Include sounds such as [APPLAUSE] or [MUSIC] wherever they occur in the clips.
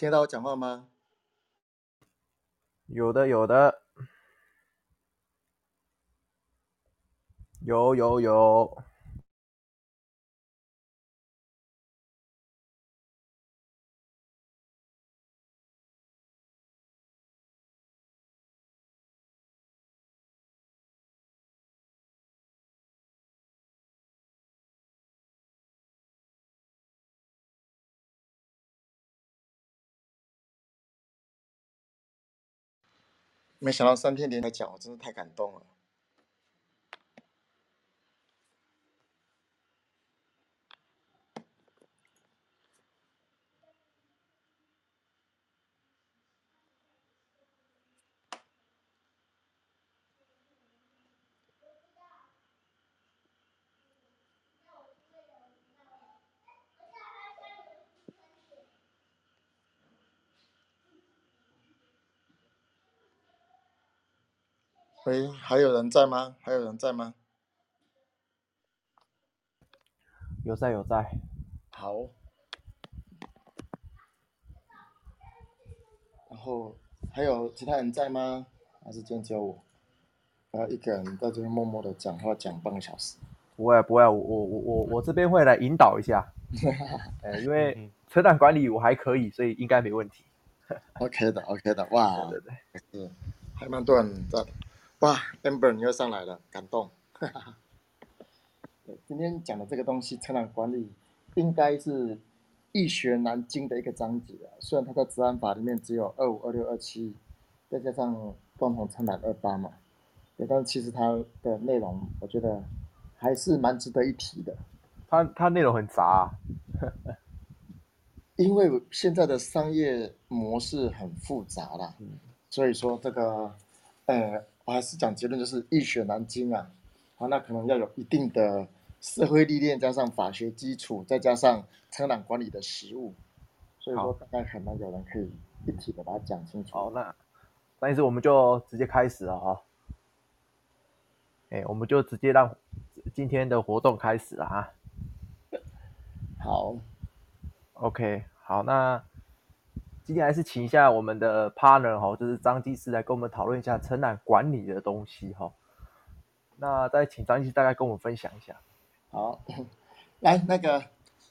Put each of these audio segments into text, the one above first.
聽到我講話嗎？有的，有的，有，有，有。沒想到三天連着講，我真的太感動了。喂、欸，還有人在嗎？還有人在嗎？有在有在。有在好，然後還有其他人在嗎？還、啊、是先教我？我要一個人在這邊默默的講話講半個小時。不會、啊、不會、啊，我我我我這邊會來引導一下、 [LAUGHS] 欸。因為承攬管理我還可以，所以應該沒問題。 [LAUGHS] OK 的 OK 的，哇，對對對還蠻多人在。哇，Amber 你又上來了，感動。哈。 [LAUGHS] 今天講的這個東西，承攬管理，應該是易學難精的一個章節啊。雖然它在職安法裡面只有二五、二六、二七，再加上共同承攬二八嘛，對，但其實它的內容，我覺得還是蠻值得一提的。它它內容很雜、啊， [LAUGHS] 因為現在的商業模式很複雜啦，嗯、所以說這個，呃。我還是講結論，就是易學難精啊，好，那可能要有一定的社會歷練，加上法學基礎，再加上承攬管理的實務，所以說大概可能有人可以一起的把它講清楚。好，好，那那意思我們就直接開始了哈、哦，哎、欸，我們就直接讓今天的活動開始了哈。好，OK，好，那。今天還是請一下我們的 partner 就是張技師來跟我們討論一下承攬管理的東西哈。那再請張技師大概跟我們分享一下。好，來那個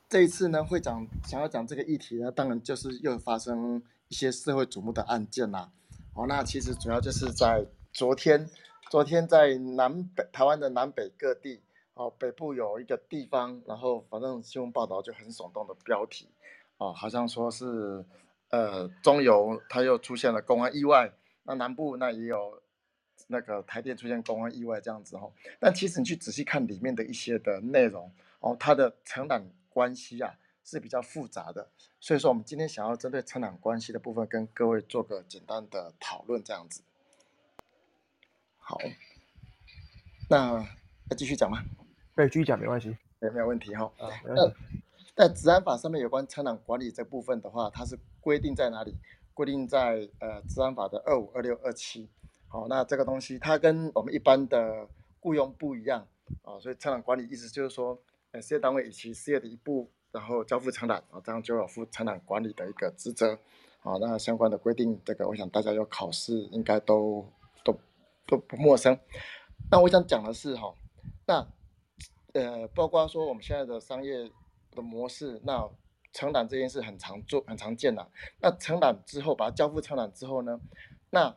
這一次呢，會長想要講這個議題呢，當然就是又發生一些社會矚目的案件啦。哦，那其實主要就是在昨天，昨天在南北台灣的南北各地，哦，北部有一個地方，然後反正新聞報道就很聳動的標題，哦，好像說是。呃，中油它又出現了公安意外，那南部那也有那個台電出現公安意外這樣子哦，但其實你去仔細看裡面的一些的內容哦，它的承攬關係啊是比較複雜的。所以說，我們今天想要針對承攬關係的部分，跟各位做個簡單的討論這樣子。好，那那繼續講嗎？可繼續講，沒關係，沒有問題哈。啊、那在職安法上面有關承攬管理這部分的話，它是。規定在哪裡？規定在呃《職安法》的二五、二六、二七。好，那這個東西它跟我們一般的雇傭不一樣啊、哦，所以承攬管理意思就是說，呃、欸，事業單位以其事業的一部，然後交付承攬啊，這樣就有負承攬管理的一個職責啊、哦。那相關的規定，這個我想大家要考試應該都都都不陌生。那我想講的是哈、哦，那呃，包括說我們現在的商業的模式，那。承攬這件事很常做，很常見的，那承攬之後，把它交付承攬之後呢？那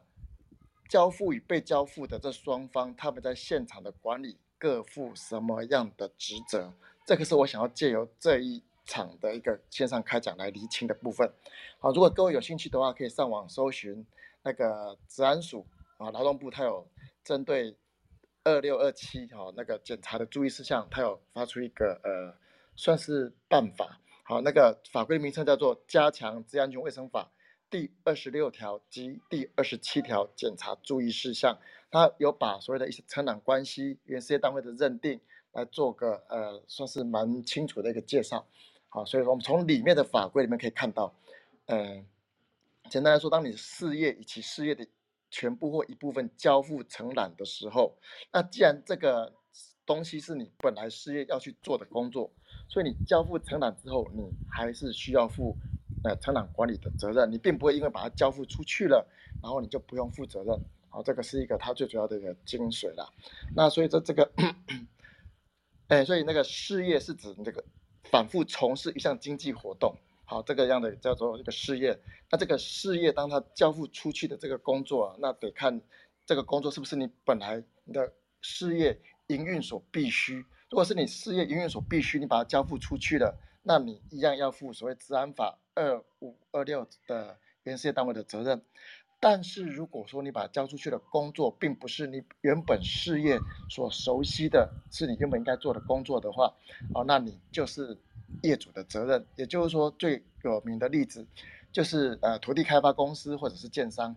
交付與被交付的這雙方，他們在現場的管理各負什麼樣的職責？這個是我想要借由這一場的一個線上開講來釐清的部分。好，如果各位有興趣的話，可以上網搜尋那個職安署啊，勞動部他有針對二六二七喔，那個檢查的注意事項，他有發出一個呃，算是辦法。好，那個法規名稱叫做《加強職業安全衛生法》第二十六條及第二十七條檢查注意事項，它有把所謂的一些承攬關係、原事業單位的認定來做個呃，算是蠻清楚的一個介紹。好，所以說我們從裡面的法規裡面可以看到，嗯，簡單來說，當你事業以及事業的全部或一部分交付承攬的時候，那既然這個。東西是你本來事業要去做的工作，所以你交付承攬之後，你還是需要負，呃，承攬管理的責任。你並不會因為把它交付出去了，然後你就不用負責任。好，這個是一個它最主要的一個精髓了。那所以這這個，哎， [COUGHS] 欸、所以那個事業是指你這個反覆從事一項經濟活動。好，這個樣的叫做這個事業。那這個事業當它交付出去的這個工作，啊，那得看這個工作是不是你本來你的事業。營運所必須，如果是你事業營運所必須，你把它交付出去了，那你一樣要負所謂職安法二五二六的原事業單位的責任。但是如果說你把它交出去的工作，並不是你原本事業所熟悉的，是你原本應該做的工作的話，哦，那你就是業主的責任。也就是說，最有名的例子就是呃，土地開發公司或者是建商，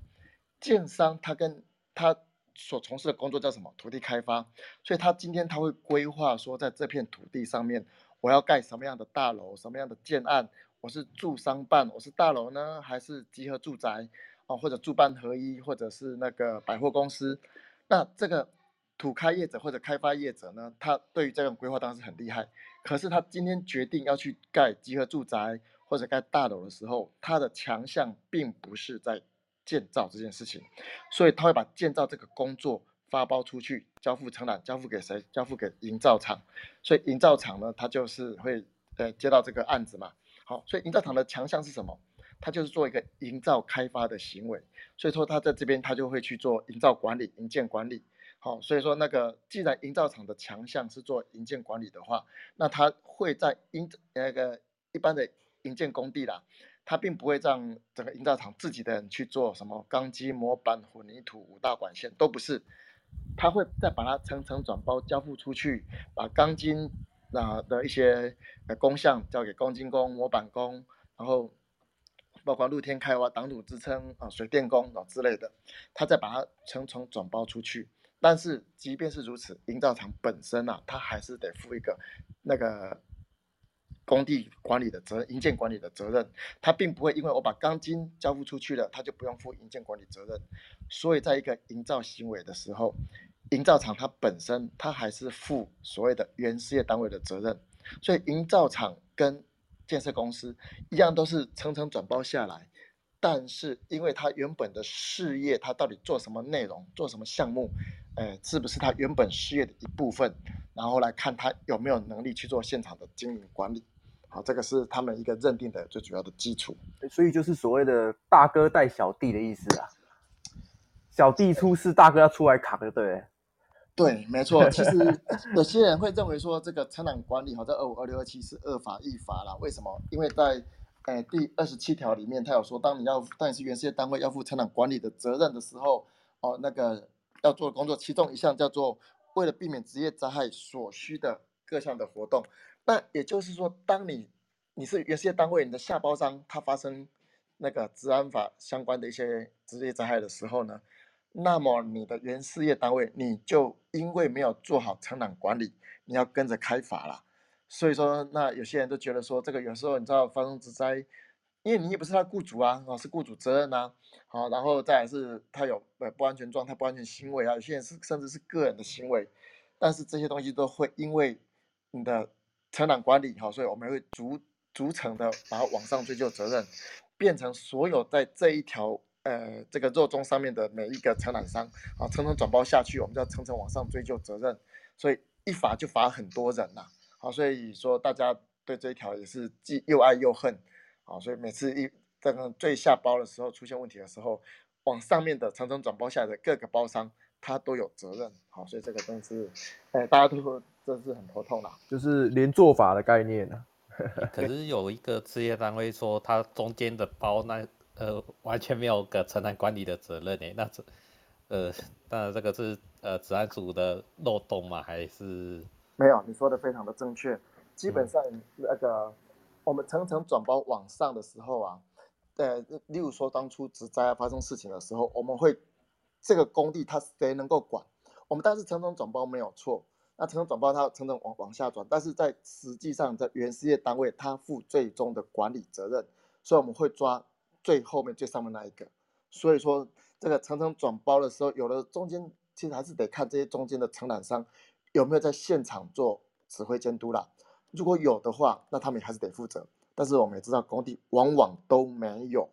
建商他跟他。所從事的工作叫什麼？土地開發，所以他今天他會規劃說，在這片土地上面，我要蓋什麼樣的大樓，什麼樣的建案？我是住商辦，我是大樓呢，還是集合住宅啊，或者住辦合一，或者是那個百貨公司？那這個土開業者或者開發業者呢，他對於這種規劃當時很厲害，可是他今天決定要去蓋集合住宅或者蓋大樓的時候，他的強項並不是在。建造這件事情，所以他會把建造這個工作發包出去，交付承攬，交付給誰？交付給營造廠。所以營造廠呢，他就是會呃接到這個案子嘛。好，所以營造廠的強項是什麼？他就是做一個營造開發的行為。所以說他在這邊他就會去做營造管理、營建管理。好，所以說那個既然營造廠的強項是做營建管理的話，那他會在營那個一般的營建工地啦。他並不會讓整個營造廠自己的人去做什麼鋼筋、模板、混凝土五大管線都不是，他會再把它層層轉包交付出去，把鋼筋啊的一些呃工項交給鋼筋工、模板工，然後包括露天開挖、擋土支撐啊、水電工啊之類的，他再把它層層轉包出去。但是即便是如此，營造廠本身啊，他還是得付一個那個。工地管理的責任，營建管理的責任，他並不會因為我把鋼筋交付出去了，他就不用負營建管理責任。所以，在一個營造行為的時候，營造廠它本身，它還是負所謂的原事業單位的責任。所以，營造廠跟建設公司一樣，都是層層轉包下來，但是因為他原本的事業，他到底做什麼內容，做什麼項目，哎，是不是他原本事業的一部分？然後來看他有沒有能力去做現場的經營管理。啊，這個是他們一個認定的最主要的基礎，所以就是所謂的“大哥帶小弟”的意思啊，小弟出事，大哥要出來扛的，對，對，沒錯。其實有些人會認為說，這個承攬管理好像二五、二六、二七是二法、一法啦。為什麼？因為在呃第二十七條裡面，他有說，當你要但你是原事業單位要負承攬管理的責任的時候，哦，那個要做的工作，其中一項叫做為了避免職業災害所需的。各項的活動，那也就是說，當你你是原事業單位，你的下包商他發生那個職安法相關的一些職業災害的時候呢，那麼你的原事業單位你就因為沒有做好承攬管理，你要跟着開罰啦。所以說，那有些人都覺得說，這個有時候你知道發生職災，因為你也不是他雇主啊，是雇主責任吶。好，然後再來是他有呃不安全狀態、不安全行為啊，有些人是甚至是個人的行為，但是這些東西都會因為你的承攬管理好，所以我們會逐逐層的把它往上追究責任，變成所有在這一條呃這個肉粽上面的每一個承攬商啊層層轉包下去，我們就要層層往上追究責任，所以一罰就罰很多人吶，好，所以說大家對這一條也是既又愛又恨，啊，所以每次一在最下包的時候出現問題的時候，往上面的層層轉包下來的各個包商他都有責任，好，所以這個東西呃，大家都說。真是很頭痛啦、啊，就是連做法的概念呢、啊。 [LAUGHS] 可是有一個事業單位說，他中間的包那呃完全沒有一個承擔管理的責任哎、欸呃，那這呃當然這個是呃職安署的漏洞嘛，還是沒有？你說的非常的正確，基本上、嗯、那個我們層層轉包往上的時候啊，呃例如說當初職災、啊、發生事情的時候，我們會這個工地它誰能夠管？我們但是層層轉包沒有錯。那層層轉包，他層層往往下轉，但是在實際上，在原事業單位，他負最終的管理責任，所以我們會抓最後面最上面那一個。所以說，這個層層轉包的時候，有的中間其實還是得看這些中間的承攬商有沒有在現場做指揮監督啦。如果有的話，那他們也還是得負責。但是我們也知道，工地往往都沒有，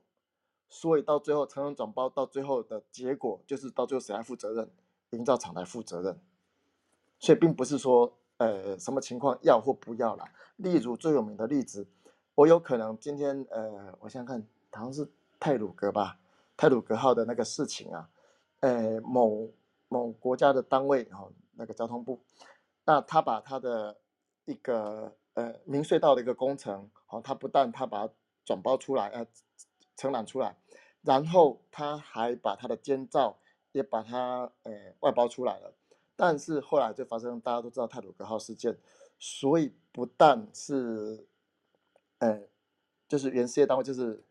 所以到最後層層轉包到最後的結果，就是到最後誰來負責任？營造廠來負責任。所以並不是說，呃，什麼情況要或不要啦。例如最有名的例子，我有可能今天，呃，我想看，好像是太魯閣吧，太魯閣號的那個事情啊，呃，某某國家的單位哦，那個交通部，那他把他的一個呃明隧道的一個工程，哦，他不但他把它轉包出來，呃，承攬出來，然後他還把他的監造也把它呃外包出來了。但是後來就發生大家都知道太魯閣號事件，所以不但是，呃，就是原事業單位就是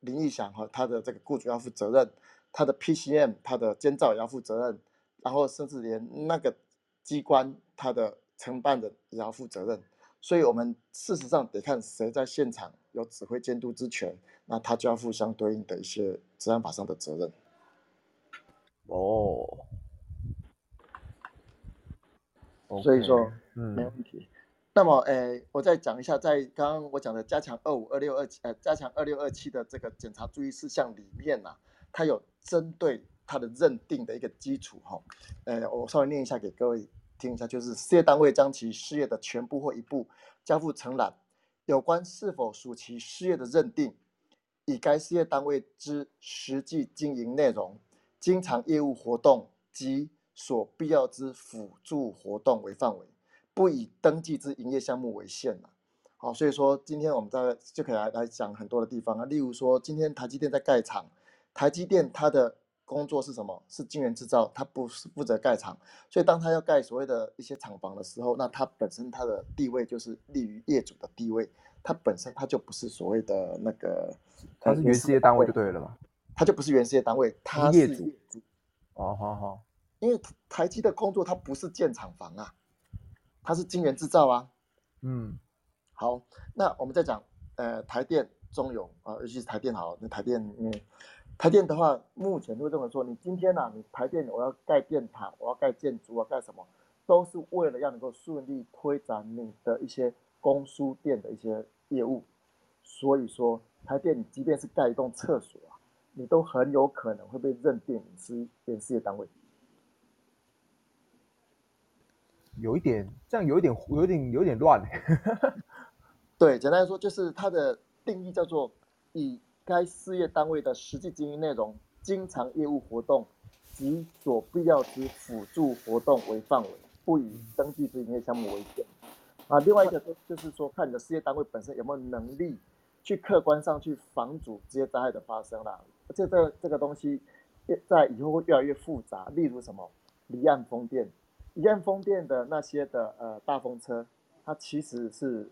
林毅翔和他的這個雇主要負責任，他的 PCM 他的監造也要負責任，然後甚至連那個機關他的承辦人也要負責任。所以我們事實上得看誰在現場有指揮監督之權，那他就要負相對應的一些治安法上的責任。哦。Okay, 嗯、所以說，嗯，沒問題。那麼，誒、欸，我再講一下，在剛剛我講的加強二五二六二七，呃，加強二六二七的這個檢查注意事項裡面呢、啊，它有針對它的認定的一個基礎哈。誒、欸，我稍微念一下給各位聽一下，就是事業單位將其事業的全部或一部交付承攬，有關是否屬其事業的認定，以該事業單位之實際經營內容、經常業務活動及。所必要之輔助活動為範圍，不以登記之營業項目為限吶、啊。好、哦，所以說今天我們在就可以來來講很多的地方啊。例如說，今天台積電在蓋廠，台積電它的工作是什麼？是晶圓製造，它不是負責蓋廠。所以，當它要蓋所謂的一些廠房的時候，那它本身它的地位就是立於業主的地位，它本身它就不是所謂的那個，它是原事業單位就對了嘛？它就不是原事業單位，它是業主。哦，好好。因為台積的工作，它不是建廠房啊，它是晶圓製造啊。嗯，好，那我們再講，呃，台電、中油啊、呃，尤其是台電好，那台電、嗯，台電的話，目前都這麼說，你今天啊，你台電我要蓋電塔，我要蓋建築、啊，我要幹什麼，都是為了要能夠順利推展你的一些供輸電的一些業務。所以說，台電你即便是蓋一棟廁所啊，你都很有可能會被認定你是電事業單位。有一點，這樣有一點有一點有點亂、欸。 [LAUGHS] 對，簡單來說，就是它的定義叫做以該事業單位的實際經營內容、經常業務活動及所必要之輔助活動為範圍，不以登記之營業項目為限。嗯、啊，另外一個就是說，看你的事業單位本身有沒有能力去客觀上去防止這些災害的發生啦、啊。這個這個東西在以後會越來越複雜，例如什麼離岸風電。離岸風電的那些的呃大風車，它其實是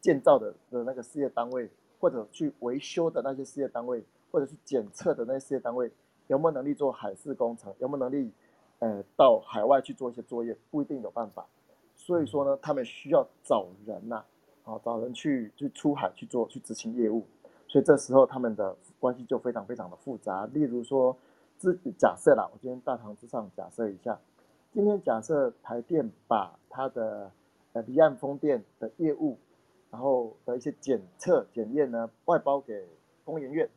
建造的的那個事業單位，或者去維修的那些事業單位，或者是檢測的那些事業單位，有沒有能力做海事工程？有沒有能力呃到海外去做一些作業？不一定有辦法。所以說呢，他們需要找人吶，啊，找人去去出海去做去執行業務。所以這時候他們的關係就非常非常的複雜。例如說，自己假設啦，我今天大堂之上假設一下。今天假設台電把它的呃離岸風電的業務，然後的一些檢測檢驗呢外包給工研院，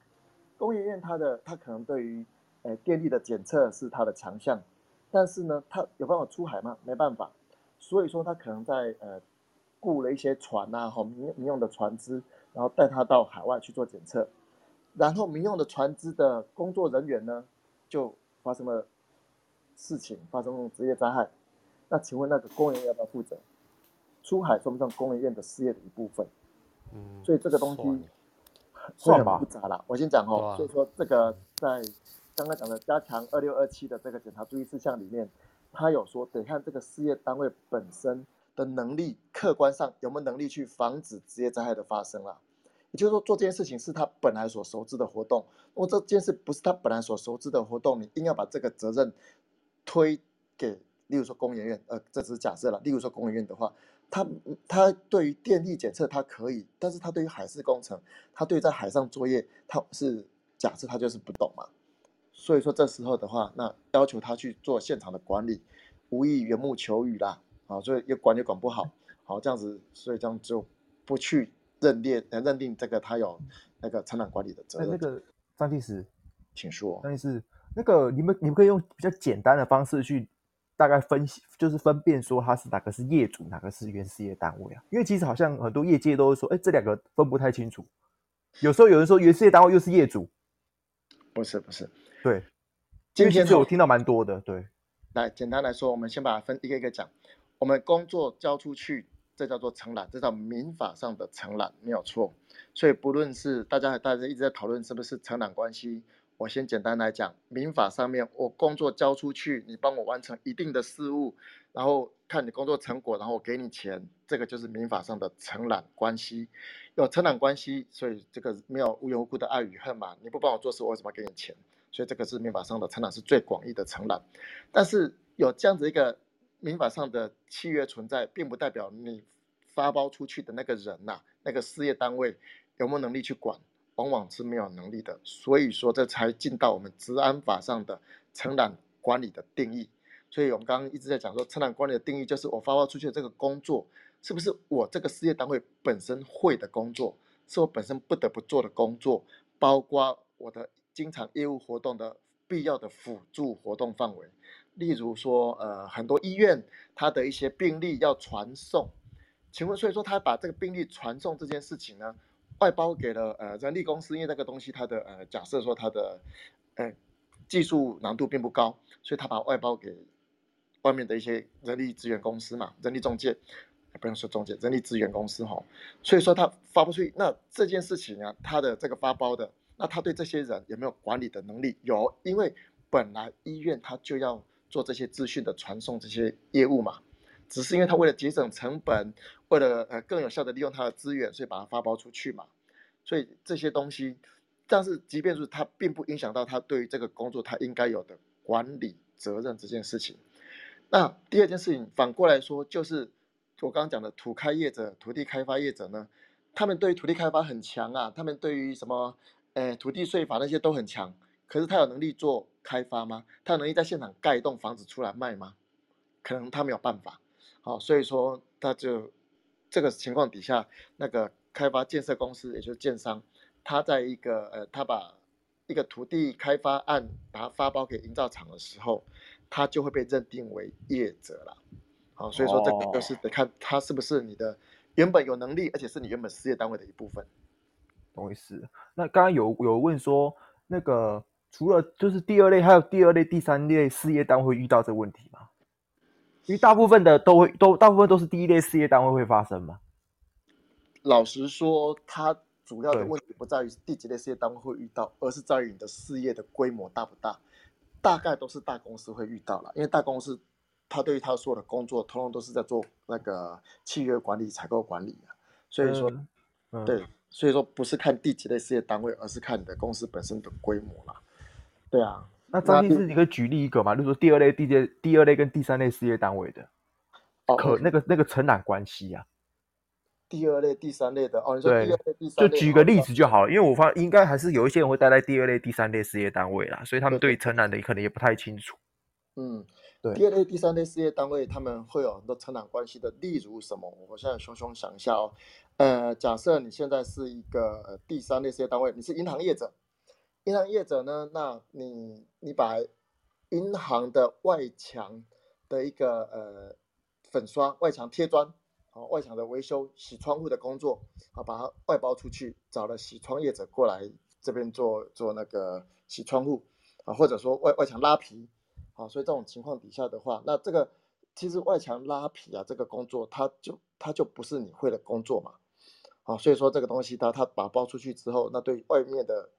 工研院它的它可能對於呃電力的檢測是它的強項，但是呢它有辦法出海嗎？沒辦法，所以說它可能在呃雇了一些船吶，哈民民用的船隻，然後帶他到海外去做檢測，然後民用的船隻的工作人員呢就發生了。事情發生職業災害，那請問那個工人要不要負責？出海算不算工業院的事業的一部分？嗯，所以這個東西，算有點複雜了。我先講哦，就是說這個在剛剛講的加強二六二七的這個檢查注意事項裡面，他有說得看這個事業單位本身的能力，客觀上有沒有能力去防止職業災害的發生了啊。也就是說，做這件事情是他本來所熟知的活動；如果這件事不是他本來所熟知的活動，你一定要把這個責任，推給，例如說工研院呃，這只是假設了。例如說工研院的話，他他對於電力檢測，它可以，但是他對於海事工程，他對在海上作業，他是假設他就是不懂嘛。所以說這時候的話，那要求他去做現場的管理，無異緣木求魚啦，啊，所以又管也管不好，好這樣子，所以這樣就不去認列呃認定這個他有那個承攬管理的責任。這、欸、那個張技師，請說，張技師。那個你們你們可以用比較簡單的方式去大概分析，就是分辨說它是哪個是業主，哪個是原事業單位啊？因為其實好像很多業界都說，哎，這兩個分不太清楚。有時候有人說原事業單位又是業主，不是不是，不是對，今天是我聽到蠻多的，對。來，簡單來說，我們先把它分一個一個講。我們工作交出去，這叫做承攬，這叫民法上的承攬，沒有錯。所以不論是大家和大家一直在討論是不是承攬關係。我先簡單來講，民法上面我工作交出去，你幫我完成一定的事務，然後看你工作成果，然後我給你錢，這個就是民法上的承攬關係。有承攬關係，所以這個沒有無緣無故的愛與恨嘛？你不幫我做事，我怎麼給你錢？所以這個是民法上的承攬是最廣義的承攬。但是有這樣子一個民法上的契約存在，並不代表你發包出去的那個人吶、啊，那個事業單位有沒有能力去管？往往是沒有能力的，所以說這才進到我們職安法上的承攬管理的定義。所以我們剛剛一直在講說，承攬管理的定義就是我發包出去的這個工作，是不是我這個事業單位本身會的工作，是我本身不得不做的工作，包括我的經常業務活動的必要的輔助活動範圍。例如說，呃，很多醫院他的一些病例要傳送，請問，所以說他把這個病例傳送這件事情呢？外包給了呃人力公司，因為那個東西它的呃，假設說它的，呃技術難度並不高，所以他把外包給外面的一些人力資源公司嘛，人力中介、呃，不用說中介，人力資源公司哈。所以說他發不出去，那這件事情啊，他的這個發包，包的，那他對這些人有沒有管理的能力？有，因為本來醫院他就要做這些資訊的傳送這些業務嘛。只是因為他為了節省成本，為了呃更有效地利用他的資源，所以把它發包出去嘛。所以這些東西，但是即便是他，並不影響到他對於這個工作他應該有的管理責任這件事情。那第二件事情，反過來說，就是我剛剛講的土開業者、土地開發業者呢，他們對於土地開發很強啊，他們對於什麼、欸，土地稅法那些都很強。可是他有能力做開發嗎？他有能力在現場蓋一棟房子出來賣嗎？可能他沒有辦法。好，哦、所以說他就這個情況底下，那個開發建設公司，也就是建商，他在一個呃，他把一個土地開發案把他發包給營造廠的時候，他就會被認定為業者了。好，所以說這個就是得看他是不是你的原本有能力，而且是你原本事業單位的一部分。哦、懂我意思？那剛剛有有問說，那個除了就是第二類，還有第二類、第三類事業單位遇到這個問題嗎？因為大部分的都會都大部分都是第一類事業單位會發生嘛。老實說，它主要的問題不在於第幾類事業單位會遇到，對而是在於你的事業的規模大不大。大概都是大公司會遇到了，因為大公司他對於他所有的工作，通常都是在做那個契約管理、採購管理啊，所以說，嗯，嗯，對，所以說不是看第幾類事業單位，而是看你的公司本身的規模啦。對啊。那張力是一個舉例一個嘛？就那說第二類地接、第二類跟第三類事業單位的可，可、哦、那個那個承攬關係啊。第二類、第三類的哦，對，第二類、第三類就舉個例子就好了，哦、因為我發應該還是有一些人會待在第二類、第三類事業單位啦，所以他們對承攬的可能也不太清楚。嗯，對，第二類、第三類事業單位他們會有很多承攬關係的，例如什麼？我現在熊熊想一下哦，呃，假設你現在是一個、呃、第三類事業單位，你是銀行業者。銀行業者呢？那你你把銀行的外牆的一個呃粉刷、外牆貼磚啊、外牆的維修、洗窗戶的工作啊，把它外包出去，找了洗窗業者過來這邊做做那個洗窗戶啊，或者說外外牆拉皮啊。所以這種情況底下的話，那這個其實外牆拉皮啊這個工作，它就它就不是你會的工作嘛啊。所以說這個東西它它把它包出去之後，那對外面的。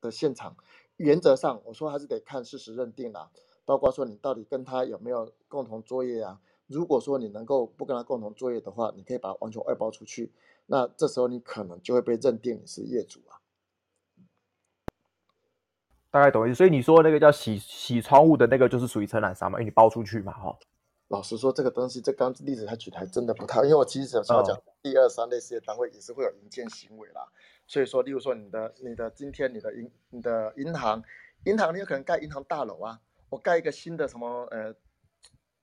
的現場，原則上我說還是得看事實認定啊，包括說你到底跟他有沒有共同作業啊。如果說你能夠不跟他共同作業的話，你可以把它完全外包出去，那這時候你可能就會被認定你是業主啊。大概懂意思。所以你說那個叫洗洗窗戶的那個就是屬於承攬商嘛，因、欸、為你包出去嘛，哈。老實說，這個東西這剛例子他舉的還真的不太，因為我其實有時候講一、二、三、嗯、類事業單位也是會有營建行為啦。所以說，例如說你的、你的今天、你的銀、你的銀行，銀行你有可能蓋銀行大樓啊。我蓋一個新的什麼呃，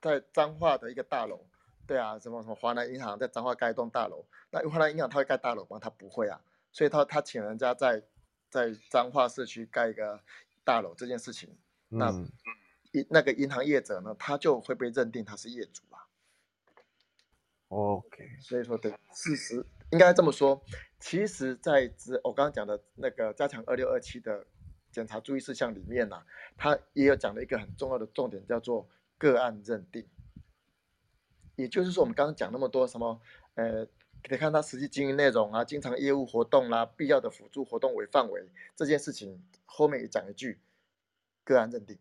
在彰化的一個大樓，對啊，什麼什麼華南銀行在彰化蓋一棟大樓，那華南銀行他會蓋大樓嗎？他不會啊，所以他他請人家在在彰化市區蓋一個大樓這件事情，嗯、那一那個銀行業者呢，他就會被認定他是業主啊、哦。OK，所以說對，事實應該這麼說。其實在之，我剛剛講的那個加強二六二七的檢查注意事項裡面吶、啊，它也有講了一個很重要的重點，叫做個案認定。也就是說，我們剛剛講那麼多什麼，呃，你看他實際經營內容啊，經常業務活動啦、啊，必要的輔助活動為範圍，這件事情後面也講一句，個案認定。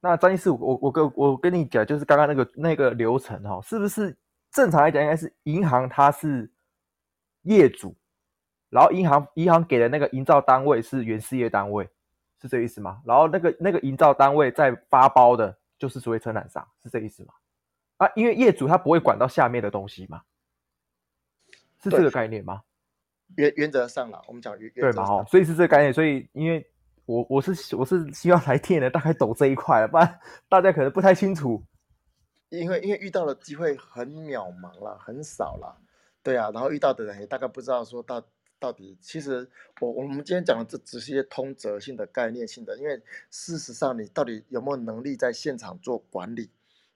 那張技師，我我跟我跟你講，就是剛剛那個那個流程哦，是不是正常來講應該是銀行它是？業主，然後銀行銀行給的那個營造單位是原事業單位，是這意思嗎？然後那個那個營造單位在發包的，就是所謂承攬商，是這意思嗎？啊，因為業主他不會管到下面的東西嘛？是這個概念嗎？原原則上啦，我們講原，原對嘛、哦，所以是這個概念。所以因為我我是我是希望來聽的，大概懂這一塊，不然大家可能不太清楚。因為因為遇到的機會很渺茫啦，很少啦。對啊，然後遇到的人也大概不知道說到到底。其實我我們今天講的這只是一些通則性的概念性的，因為事實上你到底有沒有能力在現場做管理？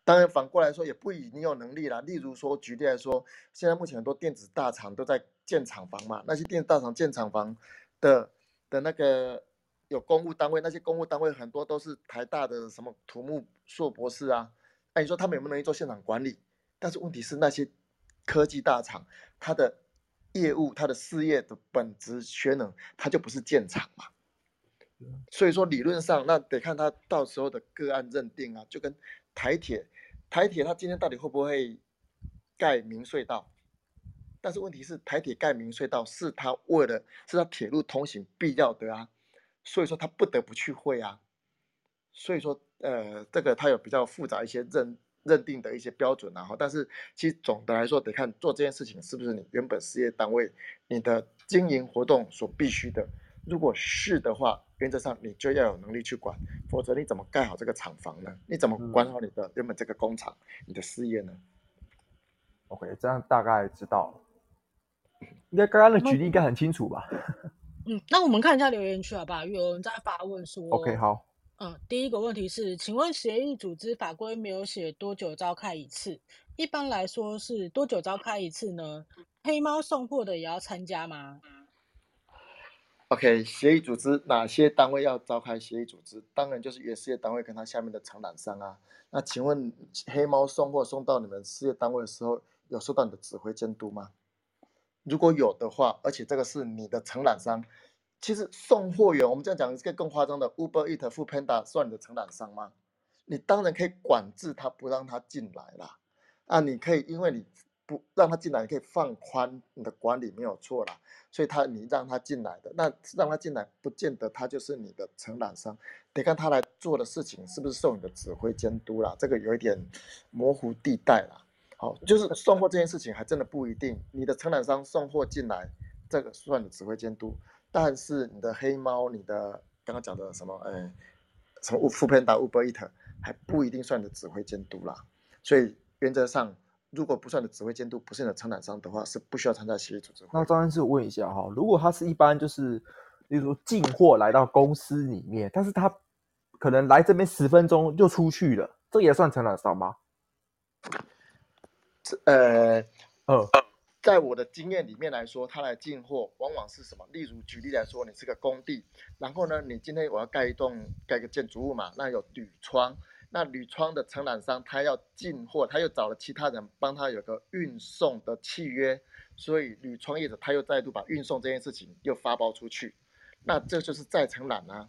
當然反過來說也不一定有能力啦。例如說，舉例來說，現在目前很多電子大廠都在建廠房嘛，那些電子大廠建廠房的的那個有公務單位，那些公務單位很多都是台大的什麼土木碩博士啊，哎、啊，你說他們有沒有能力做現場管理？但是問題是那些。科技大廠，它的業務、它的事業的本質職能，它就不是建廠嘛。所以說，理論上那得看它到時候的個案認定啊。就跟台鐵，台鐵它今天到底會不會蓋明隧道？但是問題是，台鐵蓋明隧道是它為了，是它鐵路通行必要的啊。所以說，它不得不去會啊。所以說，呃，這個它有比較複雜一些認。認定的一些標準，然後，但是其實總的來說，得看做這件事情是不是你原本事業單位你的經營活動所必須的。如果是的話，原則上你就要有能力去管，否則你怎麼蓋好這個廠房呢？你怎麼管好你的原本這個工廠、你的事業呢？OK，這樣大概知道了。應該剛剛的舉例應該很清楚吧？ [LAUGHS] 嗯，嗯，那我們看一下留言區，好吧，有人在發問說。OK，好。嗯，第一個問題是，請問協議組織法規沒有寫多久召開一次？一般來說是多久召開一次呢？黑貓送貨的也要參加嗎？OK，協議組織哪些單位要召開協議組織？當然就是原事業單位跟它下面的承攬商啊。那請問黑貓送貨送到你們事業單位的時候，有受到你的指揮監督嗎？如果有的話，而且這個是你的承攬商。其實送貨員，我們這樣講是個更誇張的，Uber Eats、Food Panda 算你的承攬商嗎？你當然可以管制他，不讓他進來啦。啊，你可以，因為你不讓他進來，你可以放寬你的管理，沒有錯啦。所以他你讓他進來的，那讓他進來不見得他就是你的承攬商。你看他來做的事情是不是受你的指揮監督啦？這個有一點模糊地帶啦。好，就是送貨這件事情還真的不一定，你的承攬商送貨進來，這個算你指揮監督。但是你的黑貓，你的剛剛講的什麼，哎，什麼 foodpanda、Uber Eats，還不一定算你的指揮監督啦。所以原則上，如果不算你的指揮監督，不是你的承攬商的話，是不需要參加協議組織。那張技師，我問一下哈，如果他是一般就是，例如說進貨來到公司裡面，但是他可能來這邊十分鐘就出去了，這也算承攬商嗎？呃，嗯。在我的經驗裡面來說，他來進貨往往是什麼？例如舉例來說，你是個工地，然後呢，你今天我要蓋一棟蓋一個建築物嘛，那有鋁窗，那鋁窗的承攬商他要進貨，他又找了其他人幫他有個運送的契約，所以鋁窗業者他又再度把運送這件事情又發包出去，那這就是再承攬啦，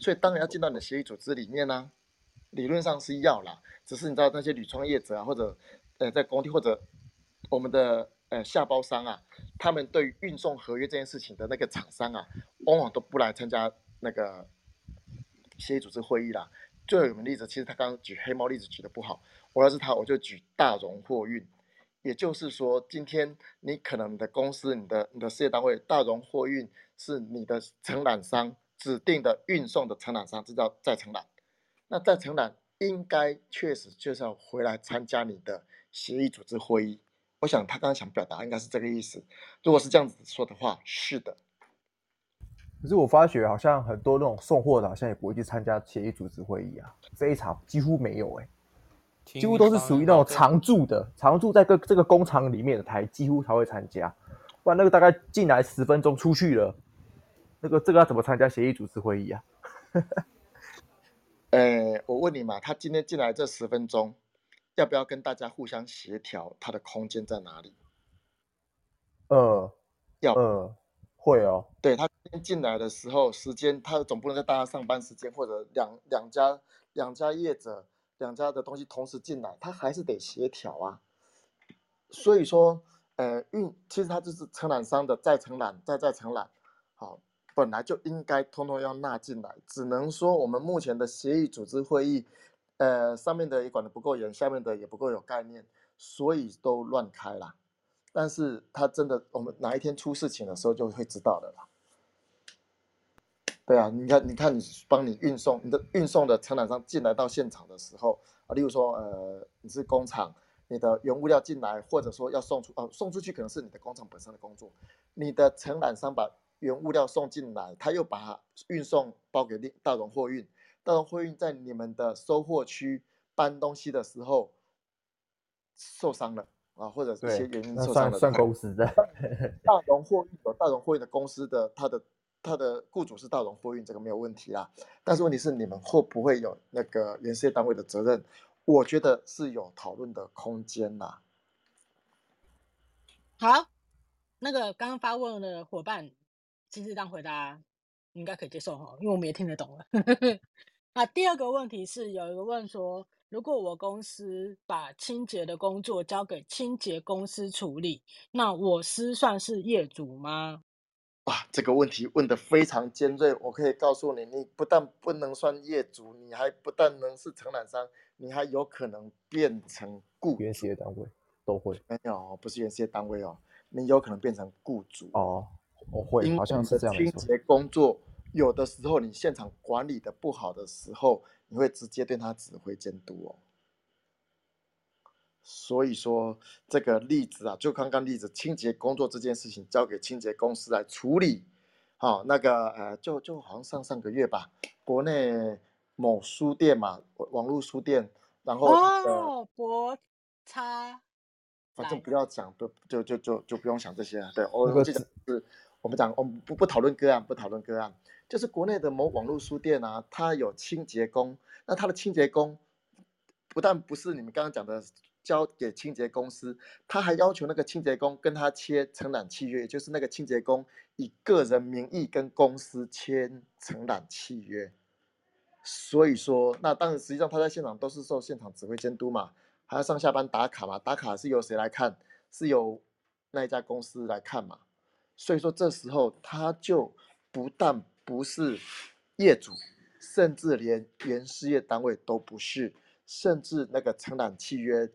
所以當然要進到你的協議組織裡面呢、啊，理論上是要啦，只是你知道那些鋁窗業者啊，或者呃在工地或者我們的。呃，下包商啊，他們對於運送合約這件事情的那個廠商啊，往往都不來參加那個協議組織會議啦，最有名例子，其實他剛剛舉黑貓例子舉的不好，我要是他，我就舉大榮貨運。也就是說，今天你可能你的公司、你的、你的事業單位，大榮貨運是你的承攬商指定的運送的承攬商，這叫再承攬。那再承攬應該確實就是要回來參加你的協議組織會議。我想他剛剛想表達應該是這個意思。如果是這樣子說的話，是的。可是我發覺好像很多那種送貨的，好像也不會去參加協議組織會議啊，非常幾乎沒有哎、欸，幾乎都是屬於那種常駐的，常駐在個這個工廠裡面的台，幾乎才會參加。不然那個大概進來十分鐘出去了，那個這個要怎麼參加協議組織會議啊 [LAUGHS] ？呃，我問你嘛，他今天進來這十分鐘。要不要跟大家互相協調？他的空間在哪裡？呃、嗯，要呃、嗯、會哦。對，他進來的時候，時間他總不能在大家上班時間或者兩兩家兩家業者兩家的東西同時進來，他還是得協調啊。所以說，呃運、嗯、其實他就是承攬商的再承攬再再承攬，好本來就應該通通要納進來，只能說我們目前的協議組織會議。呃，上面的也管得不夠嚴，下面的也不夠有概念，所以都亂開了。但是他真的，我們哪一天出事情的時候就會知道的了啦。對啊，你看，你看你你，你幫你運送你的運送的承攬商進來到現場的時候啊，例如說，呃，你是工廠，你的原物料進來，或者說要送出，哦、啊，送出去可能是你的工廠本身的工作，你的承攬商把原物料送進來，他又把運送包給大榮貨運。大榮貨運在你們的收貨區搬東西的時候受傷了啊，或者是一些原因受傷了，算公司在。大榮貨運有大榮貨運的公司的，他的他的僱主是大榮貨運，這個沒有問題啦。但是問題是你們會不會有那個原事業單位的責任？我覺得是有討論的空間啦。好，那個剛剛發問的夥伴，其實當回答應該可以接受哈，因為我們也聽得懂了。 [LAUGHS] 那、啊、第二個問題是，有一個問說，如果我公司把清潔的工作交給清潔公司處理，那我司算是業主嗎？哇、啊，這個問題問得非常尖銳。我可以告訴你，你不但不能算業主，你還不但能是承攬商，你還有可能變成雇。原事業單位都會。沒有，不是原事業單位哦，你有可能變成雇主哦。我會，好像是這樣子。清潔工作。嗯有的時候你現場管理的不好的時候，你會直接對他指揮監督哦。所以說這個例子啊，就剛剛例子，清潔工作這件事情交給清潔公司來處理。好，那個呃，就就好像上上個月吧，國內某書店嘛，網路書店，然後哦，博差，反正不要講，就就就就不用想這些了、啊。對，我們是，我們講，我們不不討論個案，不討論個案。就是國內的某網絡書店啊，它有清潔工，那它的清潔工，不但不是你們剛剛講的交給清潔公司，他還要求那個清潔工跟他簽承攬契約，也就是那個清潔工以個人名義跟公司簽承攬契約。所以說，那當然實際上他在現場都是受現場指揮監督嘛，還要上下班打卡嘛，打卡是由誰來看？是由那一家公司來看嘛？所以說這時候他就不但不是業主，甚至連原事業單位都不是，甚至那個承攬契約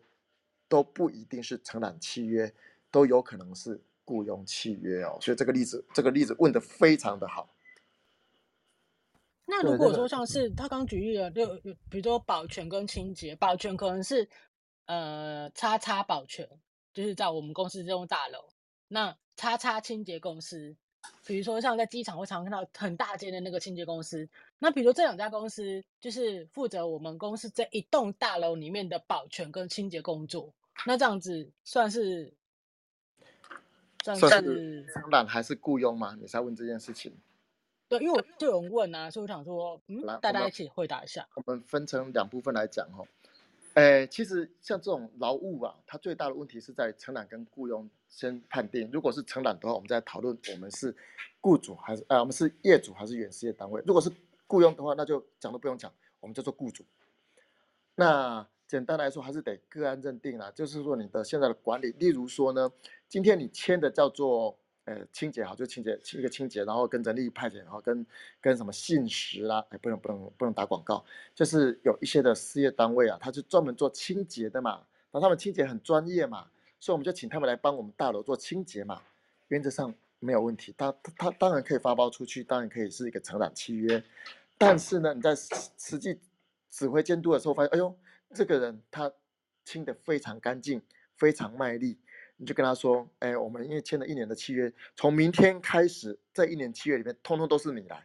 都不一定是承攬契約，都有可能是雇傭契約哦。所以這個例子，這個例子問得非常的好。那如果說像是他剛舉例了，就比如說保全跟清潔，保全可能是呃叉叉保全，就是在我們公司這棟大樓，那叉叉清潔公司。比如說，像在機場，我常看到很大間的那個清潔公司。那比如這兩家公司，就是負責我們公司這一棟大樓裡面的保全跟清潔工作。那這樣子算是算是承攬是是還是雇傭嗎。你在問這件事情？對，因為我就有人問啊，所以我想說，嗯，大家一起回答一下。我們分成兩部分來講哦。呃、欸，其實像這種勞務啊，它最大的問題是在承攬跟雇傭先判定。如果是承攬的話，我們再討論我們是雇主還是啊、呃，我們是業主還是原事業單位。如果是雇傭的話，那就講都不用講，我們叫做雇主。那簡單來說，還是得個案認定啦、啊，就是說你的現在的管理，例如說呢，今天你簽的叫做。呃，清潔好就清潔，清一個清潔，然後跟人力派遣，然後跟跟什麼信實啦，啊，哎，不能不能不能打廣告，就是有一些的事業單位啊，他就專門做清潔的嘛，那他們清潔很專業嘛，所以我們就請他們來幫我們大樓做清潔嘛，原則上沒有問題，他他，他當然可以發包出去，當然可以是一個承攬契約，但是呢，你在實際指揮監督的時候發現，哎呦，這個人他清得非常乾淨，非常賣力。你就跟他說，哎、欸，我們因為簽了一年的契約，從明天開始，在一年契約裡面，通通都是你來。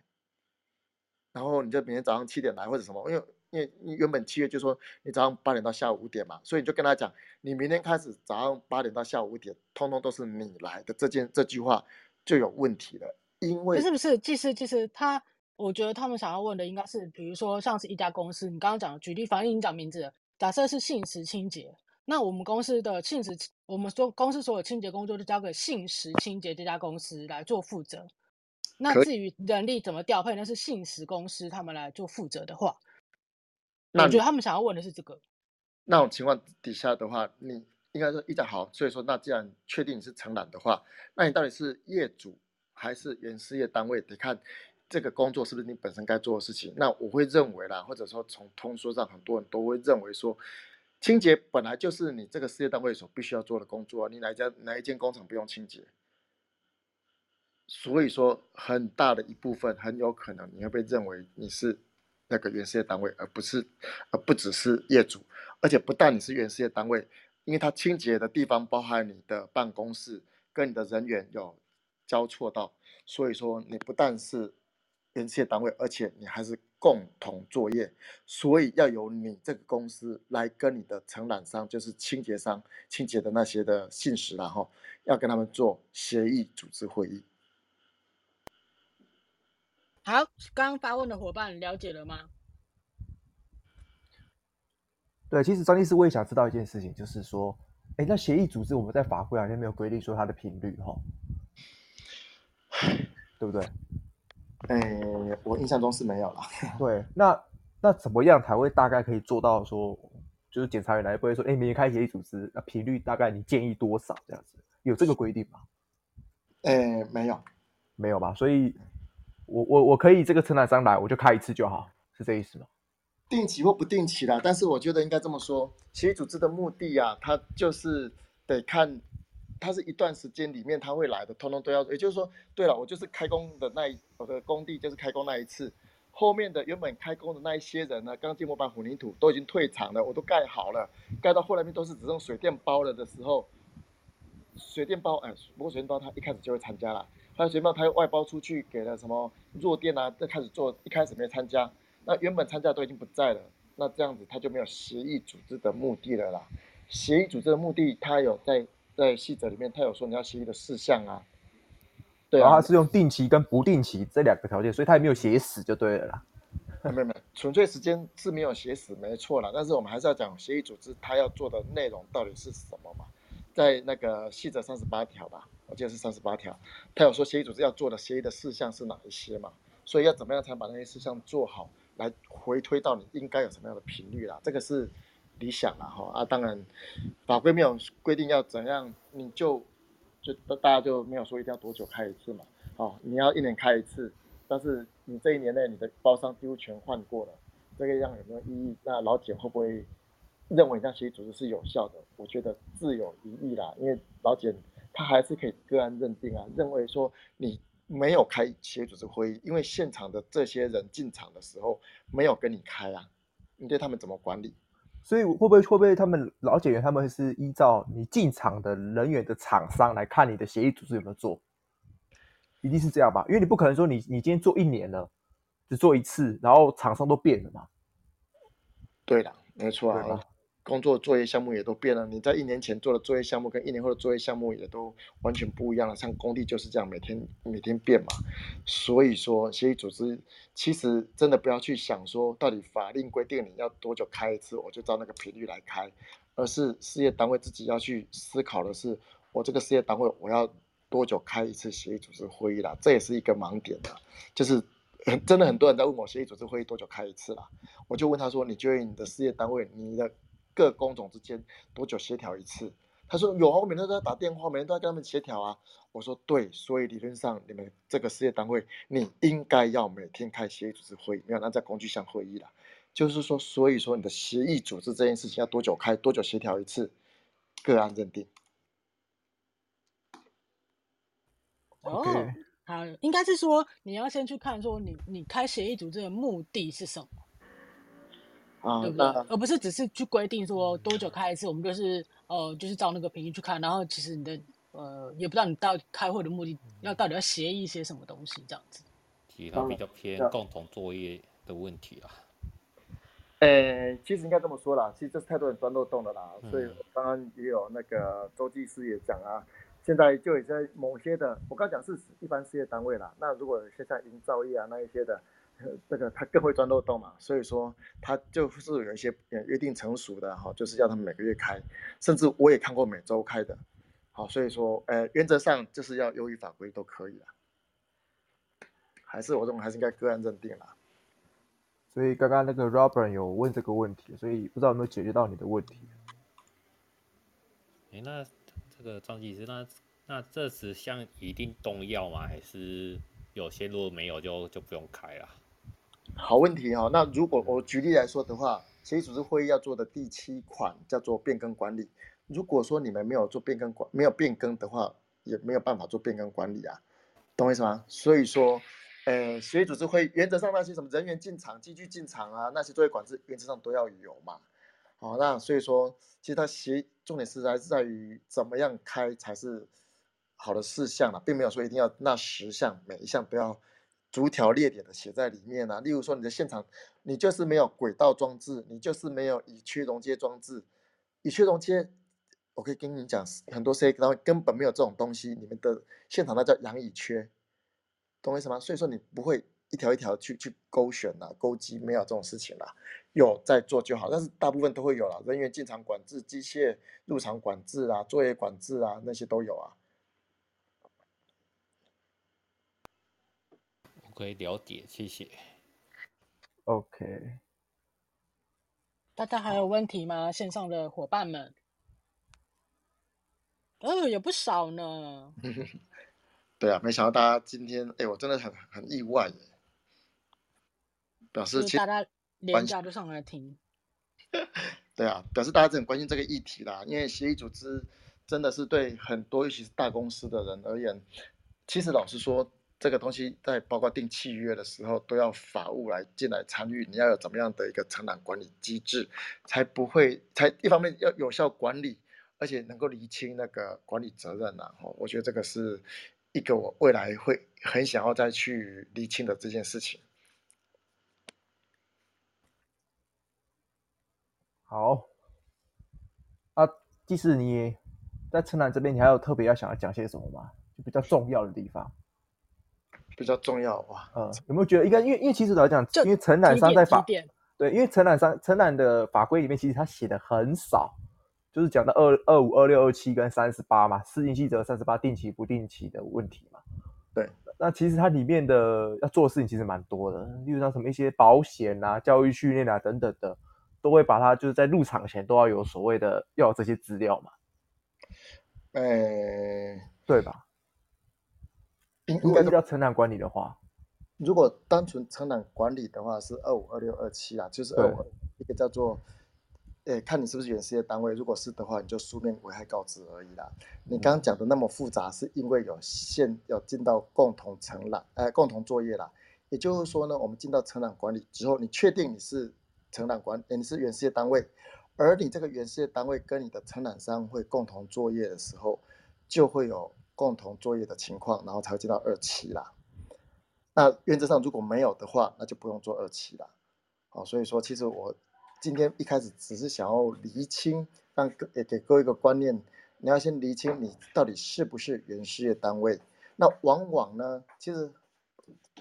然後你就明天早上七點來或者什麼，因為因為原本契約就說你早上八點到下午五點嘛，所以你就跟他講，你明天開始早上八點到下午五點，通通都是你來的這件這句話就有問題了，因為不是不是，其實其實他，我覺得他們想要問的應該是，比如說像是一家公司，你剛剛講的舉例，反正已經講名字了，假設是信實清潔。那我們公司的信實，我們說公司所有清潔工作就交給信實清潔這家公司來做負責。那至於人力怎麼調配，那是信實公司他們來做負責的話。那可以 我覺得他們想要問的是這個。那，那種情況底下的話，你應該說一家好，所以說那既然確定你是承攬的話，那你到底是業主還是原事業單位，得看這個工作是不是你本身該做的事情。那我會認為啦，或者說從通說上，很多人都會認為說。清潔本來就是你這個事業單位所必須要做的工作，啊，你哪家哪一間工廠不用清潔？所以說，很大的一部分很有可能你會被認為你是那個原事業單位，而不是而不只是業主。而且不但你是原事業單位，因為它清潔的地方包含你的辦公室跟你的人員有交錯到，所以說你不但是原事業單位，而且你還是。共同作業，所以要由你這個公司來跟你的承攬商，就是清潔商、清潔的那些的信使然哈，要跟他們做協議組織會議。好，剛發問的夥伴你了解了嗎？對，其實張技師，我也想知道一件事情，就是說，哎、欸，那協議組織我們在法規好像沒有規定說它的頻率哈，對不對？誒，欸、我，我印象中是沒有了。 [LAUGHS] 對，那那怎麼樣才會大概可以做到說，就是檢查員來不會說，哎、欸，明天開協議組織，那頻率大概你建議多少這樣子？有這個規定嗎？誒、欸，沒有，沒有吧？所以，我我我可以這個承攬商來，我就開一次就好，是這意思嗎？定期或不定期的，但是我覺得應該這麼說，協議組織的目的啊，它就是得看。他是一段時間裡面他會來的，通通都要。也就是說，對了，我就是開工的那一我的工地就是開工那一次，後面的原本開工的那一些人呢，鋼筋、模板、混凝土都已經退場了，我都蓋好了。蓋到後來面都是只剩水電包了的時候，水電包哎，不過水電包他一開始就會參加了。還有水電包他又外包出去給了什麼弱電啊？再開始做一開始沒有參加，那原本參加都已經不在了，那這樣子他就沒有協議組織的目的了啦。協議組織的目的他有在。在細則裡面，他有說你要協議的事項啊，對啊，他是用定期跟不定期這兩個條件，所以他也沒有寫死就對了啦。 [LAUGHS] 沒有，純粹時間是沒有寫死，沒錯啦。但是我們還是要講協議組織它要做的內容到底是什麼嘛，在那個細則三十八條吧，我記得是三十八條，它有說協議組織要做的協議的事項是哪一些嘛，所以要怎麼樣才把那些事項做好，來回推到你應該有什麼樣的頻率啦，這個是。理想啦，哈啊，啊當然，法規沒有規定要怎樣，你就就大家就沒有說一定要多久開一次嘛，哦，你要一年開一次，但是你這一年內你的包商幾乎全換過了，這個樣有沒有意義？那勞檢會不會認為那協議組織是有效的？我覺得自有疑義啦，因為勞檢他還是可以個案認定啊，認為說你沒有開協議組織會議，因為現場的這些人進場的時候沒有跟你開啊，你對他們怎麼管理？所以會不會會不會他們勞檢員，他們是依照你進場的人員的廠商來看你的協議組織有沒有做，一定是這樣吧？因為你不可能說你你今天做一年了，只做一次，然後廠商都變了嘛。對的，沒錯啊。工作作業項目也都變了，你在一年前做的作業項目跟一年後的作業項目也都完全不一樣了。像工地就是這樣，每天每天變嘛。所以說，協議組織其實真的不要去想說到底法令規定你要多久開一次，我就照那個頻率來開，而是事業單位自己要去思考的是，我這個事業單位我要多久開一次協議組織會議啦？這也是一個盲點的，就是真的很多人在問我協議組織會議多久開一次啦，我就問他說，你覺得你的事業單位你的。各工種之間多久協調一次？他說有啊，我每天都要打電話，每天都要跟他們協調啊。我說對，所以理論上你們這個事業單位，你應該要每天開協議組織會議，沒有那在工具箱會議了。就是說，所以說你的協議組織這件事情要多久開，多久協調一次？個案認定。哦，oh, Okay. 好，應該是說你要先去看，說你你開協議組織的目的是什麼？哦、對不吧對吧？而不是只是去規定說多久開一次，我們就是、嗯、呃，就是照那個頻率去看。然後其實你的呃，也不知道你到開會的目的要到底要協議一些什麼東西這樣子。其他、嗯、比較偏共同作業的問題啊。呃、嗯欸，其實應該這麼說啦，其實這是太多人鑽漏洞的啦、嗯人嗯。所以當然也有那個周技師也講啊，現在就已經在某些的，我剛講是一般事業單位啦，那如果現在營造業啊那一些的。這個他更會鑽漏洞嘛，所以說他就是有一些約定成熟的哈，就是要他們每個月開，甚至我也看過每週開的，好，所以說，呃，原則上就是要優於法規都可以了，還是我認為還是應該個案認定啦。所以剛剛那個 Robert 有問這個問題，所以不知道有沒有解決到你的問題。哎，那這個張技師，那那這次像一定動要嗎？還是有些如果沒有就就不用開了？好問題哈、哦，那如果我舉例來說的話，協議組織會議要做的第七款叫做變更管理。如果說你們沒有做變更管，沒有變更的話，也沒有辦法做變更管理啊，懂我意思嗎？所以說，呃，協議組織會原則上那些什麼人員進場、機具進場啊，那些作業管制原則上都要有嘛。好、哦，那所以說，其實它協重點是還是在於怎麼樣開才是好的事項嘛、啊，並沒有說一定要那十項每一項都要。逐條列點的寫在裡面啊，例如說你的現場，你就是沒有軌道裝置，你就是沒有乙炔熔接裝置，乙炔熔接，我可以跟你講，很多 c n 根本沒有這種東西，你們的現場那叫氧乙炔，懂我意思嗎？所以說你不會一條一條去去勾選啊，勾稽沒有這種事情啦、啊，有在做就好，但是大部分都會有了，人員進場管制、機械入場管制啊、作業管制啊，那些都有啊。可以了解，謝謝。OK，大家還有問題嗎？線上的夥伴們，哦，有不少呢。 [LAUGHS] 對啊，沒想到大家今天，哎，我真的很很意外耶。表示就大家連假都上來聽。關係 [LAUGHS] 對啊，表示大家很關心這個議題啦。因為協議組織真的是對很多，尤其是大公司的人而言，其實老實說。這個東西在包括訂契約的時候，都要法務來進來參與。你要有怎麼樣的一個承攬管理機制，才不會才一方面要有效管理，而且能夠釐清那個管理責任，然後、啊、哦，我覺得這個是一個我未來會很想要再去釐清的這件事情。好，啊，即使你在承攬這邊，你還有特別要想要講些什麼嗎？就比較重要的地方。比較重要吧。嗯，有沒有覺得應該？因為因為其實來講，就因為承攬商在法對，因為承攬商承攬的法規裡面，其實他寫的很少，就是講到二二五、二六、二七跟三十八嘛，施行細則三十八，定期不定期的問題嘛。對，那其實它裡面的要做的事情其實蠻多的，例如像什麼一些保險啊、教育訓練啊等等的，都會把它就是在入場前都要有所謂的要有這些資料嘛，誒、欸，對吧？應該叫承攬管理的話，如果單純承攬管理的話是二五二六二七啦，就是二五二這對個叫做，誒、欸，看你是不是原事業單位，如果是的話，你就書面危害告知而已啦。你剛剛講的那麼複雜，是因為有限要進到共同承攬，誒、欸，共同作業啦。也就是說呢，我們進到承攬管理之後，你確定你是承攬管理，誒、欸，你是原事業單位，而你這個原事業單位跟你的承攬商會共同作業的時候，就會有。共同作業的情況，然後才會進到二期啦。那原則上如果沒有的話，那就不用做二期了。哦，所以說其實我今天一開始只是想要釐清，讓各給各位一個觀念：你要先釐清你到底是不是原事業單位。那往往呢，其實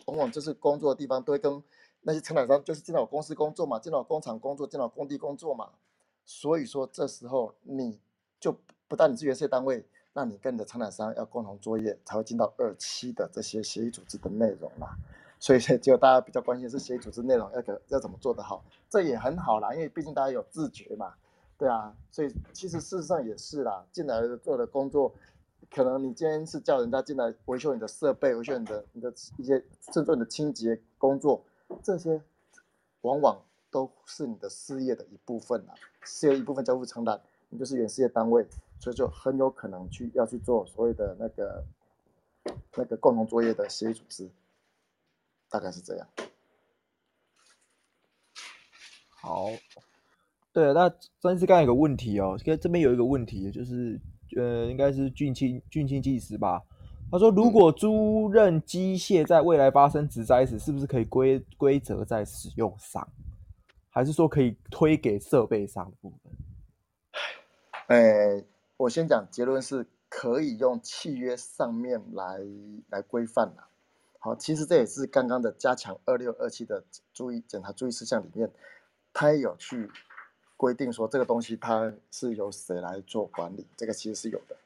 往往就是工作的地方都會跟那些承攬商，就是進到我公司工作嘛，進到我工廠工作，進到工地工作嘛。所以說這時候你就不但你是原事業單位。那你跟你的承攬商要共同作業，才會進到二期的這些協議組織的內容啦。所以就大家比較關心是協議組織內容要要怎麼做得好，這也很好啦，因為畢竟大家有自覺嘛，對啊。所以其實事實上也是啦，進來做的工作，可能你今天是叫人家進來維修你的設備，維修你的你的一些甚至你的清潔工作，這些往往都是你的事業的一部分啦，事業一部分交付承攬，你就是原事業單位。所以就很有可能去要去做所謂的那個那個共同作業的協議組織，大概是這樣。好，對，那但是剛有一個問題哦、喔，這邊有一個問題，就是呃，應該是俊清俊清技師吧？他說，如果租賃機械在未來發生職災時，嗯、是不是可以規規則在使用上？還是說可以推給設備上？的部分？哎，我先講結論是可以用契約上面來來規範的。好，其實這也是剛剛的加強二六二七的注意檢查注意事項裡面，他也有去規定說這個東西它是由誰來做管理，這個其實是有的。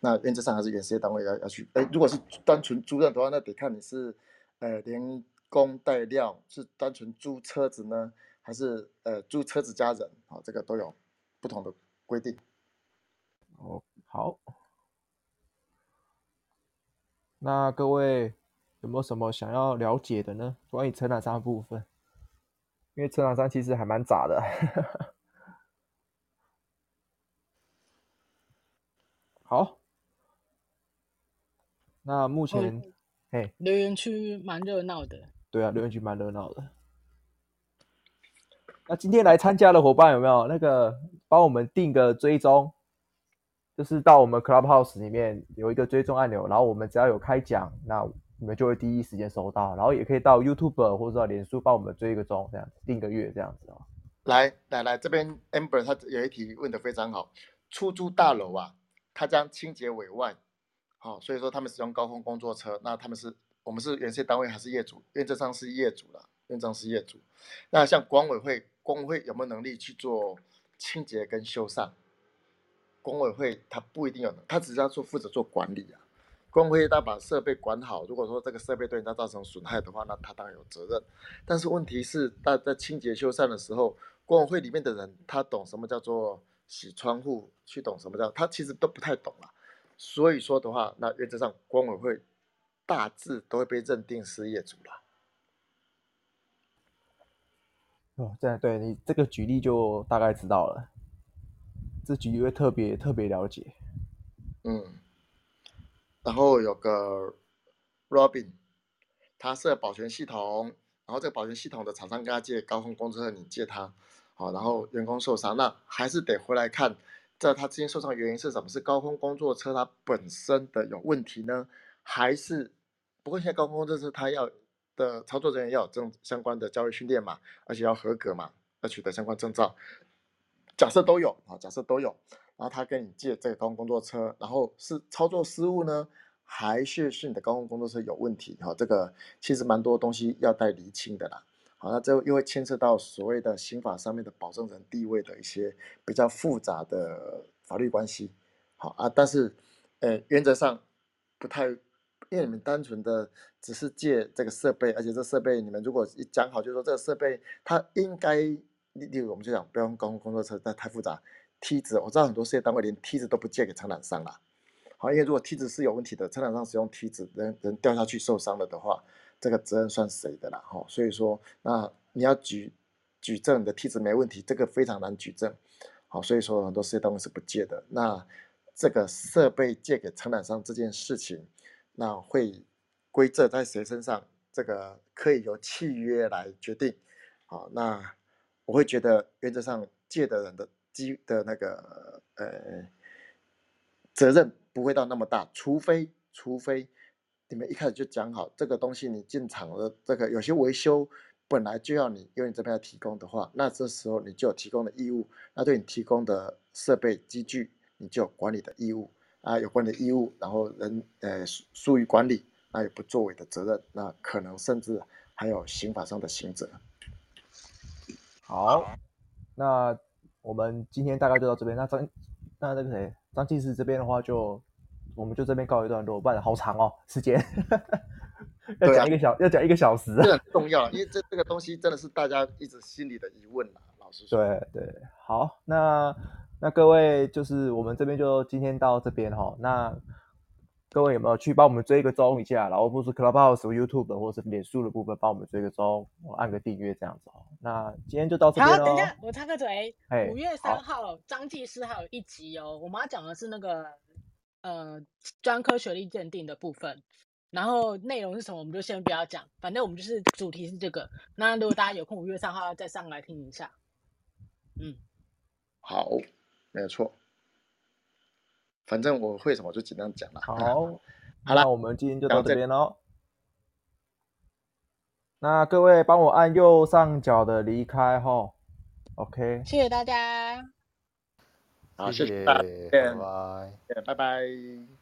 那原則上還是原事業單位要要去，哎，如果是單純租賃的話，那得看你是，呃，連工帶料是單純租車子呢，還是呃租車子加人？啊，這個都有不同的。規定。哦，oh, 好。那各位有沒有什麼想要了解的呢？關於承攬的部分，因為承攬上其實還蠻雜的。 [LAUGHS] 好。那目前，哦、嘿，留言區蠻熱鬧的。對啊，留言區蠻熱鬧的。那今天來參加的伙伴有沒有那個幫我們定個追蹤？就是到我們 Clubhouse 裡面有一個追蹤按鈕，然後我們只要有開講，那你們就會第一時間收到。然後也可以到 YouTube 或者到臉書幫我們追一個鐘，這樣子定個月這樣子啊、哦。來來來，這邊 Amber 他有一題問得非常好，出租大樓啊，他將清潔委外，好、哦，所以說他們使用高空工作車，那他們是我們是原先單位還是業主？因為這上是業主了、啊。認賬是業主，那像管委會、工會有沒有能力去做清潔跟修繕？管委會他不一定有，他只是要做負責做管理啊。工會他把設備管好，如果說這個設備對他造成損害的話，那他當然有責任。但是問題是，大家在清潔修繕的時候，管委會裡面的人他懂什麼叫做洗窗戶？去懂什麼叫他其實都不太懂了。所以說的話，那原則上，管委會大致都會被認定是業主了。哦，這樣對你這個舉例就大概知道了，這舉例會特別特別了解，嗯，然後有個 Robin，他設保全系統，然後這個保全系統的廠商跟他借高空工作車，你借他，好、哦，然後員工受傷，那還是得回來看，在他之前受傷原因是什麼？是高空工作車它本身的有問題呢，還是？不過現在高空工作車他要。的操作人員要有這種相關的教育訓練嘛，而且要合格嘛，要取得相關證照。假設都有啊，假設都有，然後他跟你借這個高空工作車，然後是操作失誤呢，還是是你的高空工作車有問題啊？這個其實蠻多東西要帶釐清的啦。好，那這又會牽涉到所謂的刑法上面的保證人地位的一些比較複雜的法律關係。好啊，但是呃原則上不太，因為你們單純的只是借這個設備，而且這設備你們如果一講好，就說這個設備它應該，例如我們就講，不要用工工作車，它太複雜。梯子，我知道很多事業單位連梯子都不借給承攬商了。好，因為如果梯子是有問題的，承攬商使用梯子，人人掉下去受傷了的話，這個責任算誰的啦？哈，所以說，那你要舉舉證你的梯子沒問題，這個非常難舉證。好，所以說很多事業單位是不借的。那這個設備借給承攬商這件事情。那會歸責在誰身上？這個可以由契約來決定。好，那我會覺得原則上借的人的機的那個呃責任不會到那麼大，除非除非你們一開始就講好這個東西，你進場了這個有些維修本來就要你，因為你這邊要提供的話，那這時候你就有提供的義務，那對你提供的設備機具，你就有管理的義務。啊，有關的義務，然後人，呃，疏疏於管理，那、啊、有不作為的責任，那可能甚至還有刑法上的刑責。好，那我們今天大概就到這邊。那張，那那個誰，張技師這邊的話就，就我們就這邊告一段落。不然好長哦，時間 [LAUGHS] 要講一個小，啊、要講一個小時。這很重要，因為這這個東西真的是大家一直心裡的疑問啊。老實說。對對，好，那。那各位就是我們這邊就今天到這邊哈、哦。那各位有沒有去幫我們追一個蹤一下，然後不是 Clubhouse、YouTube 或是臉書的部分幫我們追個蹤，我按個訂閱這樣子哦。那今天就到這邊、哦、好等一下我插個嘴，五月三號、哦、張技師還有一集哦。我媽講的是那個呃專科學歷鑑定的部分，然後內容是什麼我們就先不要講，反正我們就是主題是這個。那如果大家有空，五月三號要再上來聽一下。嗯，好。沒錯，反正我會什麼就儘量講了、啊。好，好了、嗯，那我們今天就到這邊嘍。這這那各位幫我按右上角的離開哈。OK，謝謝大家。謝謝，好，謝謝大家，拜拜。拜拜。Yeah, bye bye。